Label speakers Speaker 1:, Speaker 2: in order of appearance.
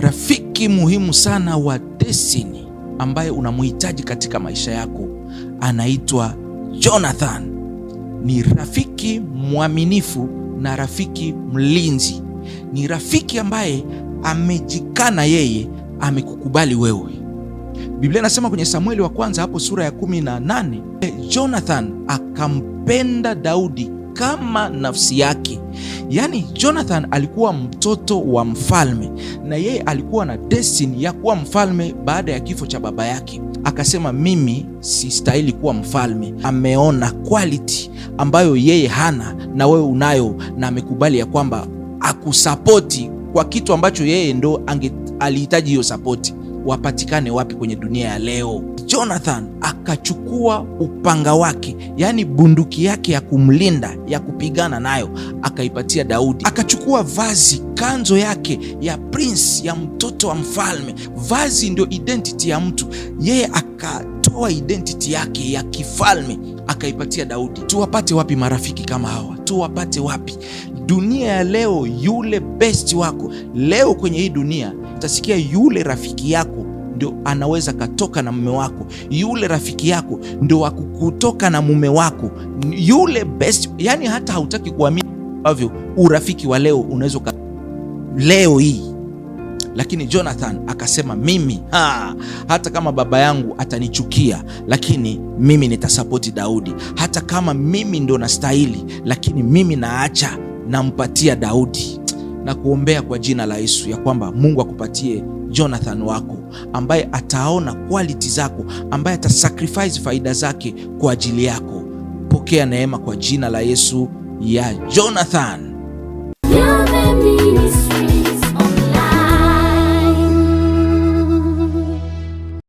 Speaker 1: Rafiki muhimu sana wa destiny ambaye unamuhitaji katika maisha yako anaitwa Jonathan. Ni rafiki mwaminifu na rafiki mlinzi, ni rafiki ambaye amejikana yeye, amekukubali wewe. Biblia inasema kwenye Samueli wa kwanza hapo sura ya kumi na nane Jonathan akampenda Daudi kama nafsi yake, Yaani Jonathan alikuwa mtoto wa mfalme na yeye alikuwa na destiny ya kuwa mfalme baada ya kifo cha baba yake. Akasema mimi sistahili kuwa mfalme. Ameona quality ambayo yeye hana na wewe unayo, na amekubali ya kwamba akusapoti kwa kitu ambacho yeye ndo alihitaji hiyo sapoti wapatikane wapi kwenye dunia ya leo? Jonathan akachukua upanga wake, yaani bunduki yake ya kumlinda ya kupigana nayo, akaipatia Daudi. Akachukua vazi, kanzo yake ya prince, ya mtoto wa mfalme. Vazi ndio identity ya mtu, yeye akatoa identity yake ya kifalme akaipatia Daudi. Tuwapate wapi marafiki kama hawa? watu wapate wapi? Dunia ya leo, yule best wako leo kwenye hii dunia, utasikia yule rafiki yako ndio anaweza katoka na mume wako, yule rafiki yako ndio wakutoka na mume wako, yule best. Yani hata hautaki kuamini ambavyo urafiki wa leo unaweza leo hii lakini Jonathan akasema mimi ha, hata kama baba yangu atanichukia, lakini mimi nitasapoti Daudi. Hata kama mimi ndo nastahili, lakini mimi naacha, nampatia Daudi na kuombea kwa jina la Yesu ya kwamba Mungu akupatie Jonathan wako ambaye ataona quality zako, ambaye atasacrifice faida zake kwa ajili yako. Pokea neema kwa jina la Yesu ya Jonathan.